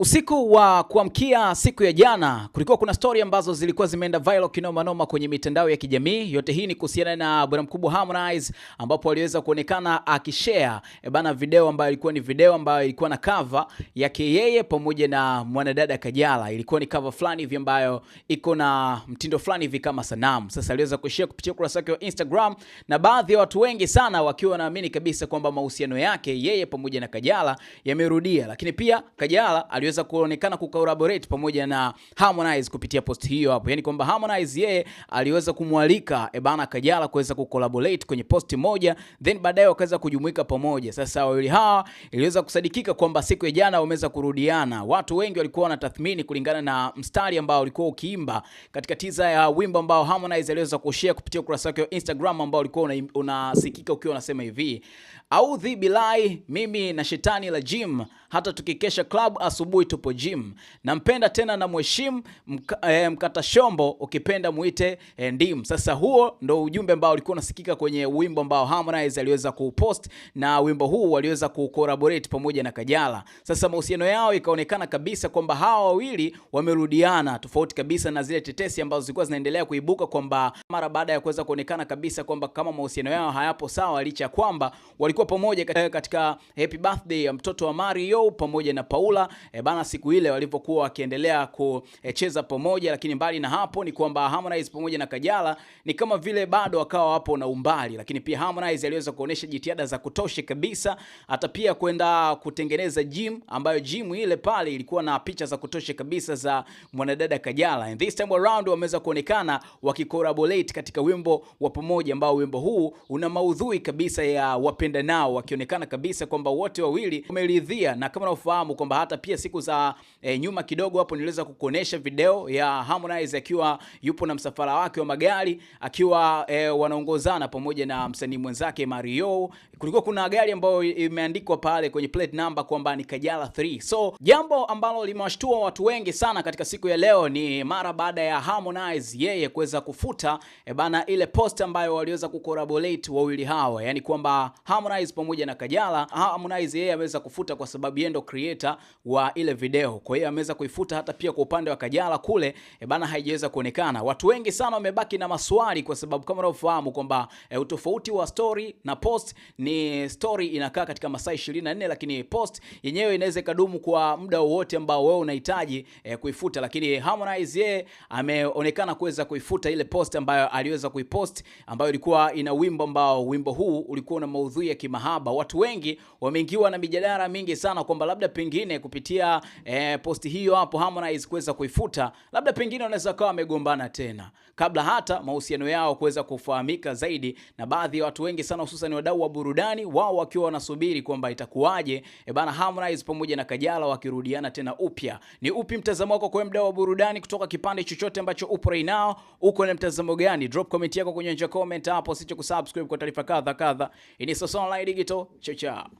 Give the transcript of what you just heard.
Usiku wa kuamkia siku ya jana kulikuwa kuna stori ambazo zilikuwa zimeenda viral kinoma noma kwenye mitandao ya kijamii. Yote hii ni kuhusiana na bwana mkubwa Harmonize, ambapo aliweza kuonekana akishare e bana video ambayo ilikuwa ni video ambayo ilikuwa na cover yake yeye pamoja na mwanadada Kajala. Ilikuwa ni cover fulani hivi ambayo iko na mtindo fulani hivi kama sanamu. Sasa aliweza kushare kupitia kurasa yake ya Instagram, na baadhi ya watu wengi sana wakiwa wanaamini kabisa kwamba mahusiano yake yeye pamoja na Kajala yamerudia, lakini pia Kajala aliweza kuonekana kucollaborate pamoja na Harmonize kupitia post hiyo hapo, Yaani kwamba Harmonize yeye aliweza kumwalika Ebana Kajala kuweza kukolaborate kwenye post moja, then baadaye wakaweza kujumuika pamoja. Sasa wawili hawa iliweza kusadikika kwamba siku ya jana wameweza kurudiana. Watu wengi walikuwa wanatathmini kulingana na mstari ambao ulikuwa ukiimba katika tiza ya wimbo ambao Harmonize aliweza kushare kupitia ukurasa wake wa Instagram ambao ulikuwa unasikika una ukiwa unasema hivi, audhi bilai mimi na shetani la gym hata tukikesha club, asubuhi tupo gym. Nampenda tena na mheshimu mk e, eh, mkata shombo, ukipenda muite e, eh, ndim. Sasa huo ndo ujumbe ambao ulikuwa unasikika kwenye wimbo ambao Harmonize aliweza kupost na wimbo huu waliweza kucollaborate pamoja na Kajala. Sasa mahusiano yao ikaonekana kabisa kwamba hawa wawili wamerudiana, tofauti kabisa na zile tetesi ambazo zilikuwa zinaendelea kuibuka kwamba mara baada ya kuweza kuonekana kabisa kwamba kama mahusiano yao hayapo sawa, licha ya kwamba walikuwa pamoja katika eh, happy birthday ya mtoto wa Mario Leao pamoja na Paula e, bana siku ile walivyokuwa wakiendelea kucheza pamoja, lakini mbali na hapo ni kwamba Harmonize pamoja na Kajala ni kama vile bado wakawa wapo na umbali, lakini pia Harmonize aliweza kuonesha jitihada za kutosha kabisa, hata pia kwenda kutengeneza gym ambayo gym ile pale ilikuwa na picha za kutosha kabisa za mwanadada Kajala, and this time around wameweza kuonekana wakikollaborate katika wimbo wa pamoja, ambao wimbo huu una maudhui kabisa ya wapenda nao, wakionekana kabisa kwamba wote wawili wameridhia na kama unaofahamu kwamba hata pia siku za e, nyuma kidogo hapo niliweza kukuonesha video ya Harmonize akiwa yupo na msafara wake wa magari akiwa e, wanaongozana pamoja na msanii mwenzake Mario. Kulikuwa kuna gari ambayo imeandikwa pale kwenye plate number kwamba ni Kajala 3. So jambo ambalo limewashtua watu wengi sana katika siku ya leo ni mara baada ya Harmonize yeye kuweza kufuta e, bana ile post ambayo waliweza kukorabolate wawili hawa, yani kwamba Harmonize pamoja na Kajala, Harmonize yeye ameweza kufuta kwa sababu yeye ndo creator wa ile video, kwa hiyo ameweza kuifuta. Hata pia kwa upande wa Kajala kule e bana, haijaweza kuonekana. Watu wengi sana wamebaki na maswali, kwa sababu kama unavyofahamu kwamba e, utofauti wa story na post ni story inakaa katika masaa 24 lakini post yenyewe inaweza kadumu kwa muda wote ambao wewe unahitaji e, kuifuta. Lakini Harmonize yeye ameonekana kuweza kuifuta ile post ambayo aliweza kuipost ambayo ilikuwa ina wimbo ambao wimbo huu ulikuwa na maudhui ya kimahaba. Watu wengi wameingiwa na mijadala mingi sana kwamba labda pengine kupitia eh, posti hiyo hapo Harmonize kuweza kuifuta, labda pengine wanaweza kawa wamegombana tena kabla hata mahusiano yao kuweza kufahamika zaidi, na baadhi ya watu wengi sana hususan wadau wa burudani wao wakiwa wanasubiri kwamba itakuwaje e bana Harmonize pamoja na Kajala wakirudiana tena upya. Ni upi mtazamo wako kwa mdau wa burudani kutoka kipande chochote ambacho upo right now? Uko na mtazamo gani? Drop comment yako kwenye nje comment hapo, sicho kusubscribe kwa taarifa kadha kadha. Ini Sasa Online Digital, chao chao.